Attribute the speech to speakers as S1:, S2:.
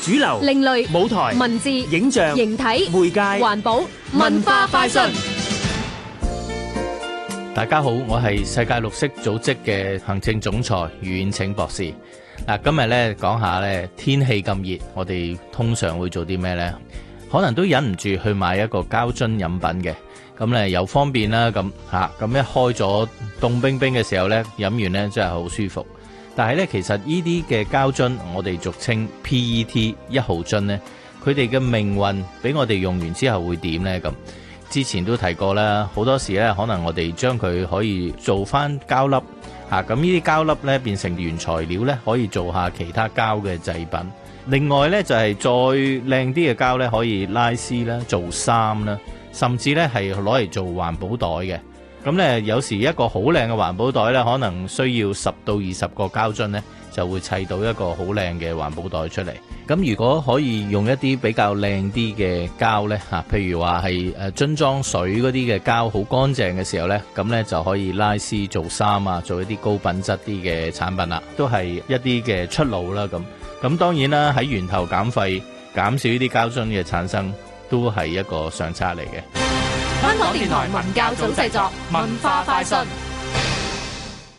S1: 主流、另類舞台、文
S2: 字、影像、形體、媒介、環保、文化、快訊。
S1: 大家好，我係世界綠色組織嘅行政總裁遠請博士。嗱，今日咧講下咧天氣咁熱，我哋通常會做啲咩呢？可能都忍唔住去買一個膠樽飲品嘅，咁咧又方便啦。咁吓，咁一開咗凍冰冰嘅時候咧，飲完咧真係好舒服。但係咧，其實呢啲嘅膠樽，我哋俗稱 PET 一號樽呢，佢哋嘅命運俾我哋用完之後會點呢？咁之前都提過啦，好多時呢，可能我哋將佢可以做翻膠粒吓，咁呢啲膠粒呢，變成原材料呢，可以做下其他膠嘅製品。另外呢，就係再靚啲嘅膠呢，可以拉絲啦，做衫啦，甚至呢，係攞嚟做環保袋嘅。咁咧，有時一個好靚嘅環保袋咧，可能需要十到二十個膠樽咧，就會砌到一個好靚嘅環保袋出嚟。咁如果可以用一啲比較靚啲嘅膠咧，吓，譬如話係誒樽裝水嗰啲嘅膠好乾淨嘅時候咧，咁咧就可以拉絲做衫啊，做一啲高品質啲嘅產品啦，都係一啲嘅出路啦。咁咁當然啦，喺源頭減廢、減少呢啲膠樽嘅產生，都係一個上策嚟嘅。
S2: 香港電台文教組製作《文化快訊》。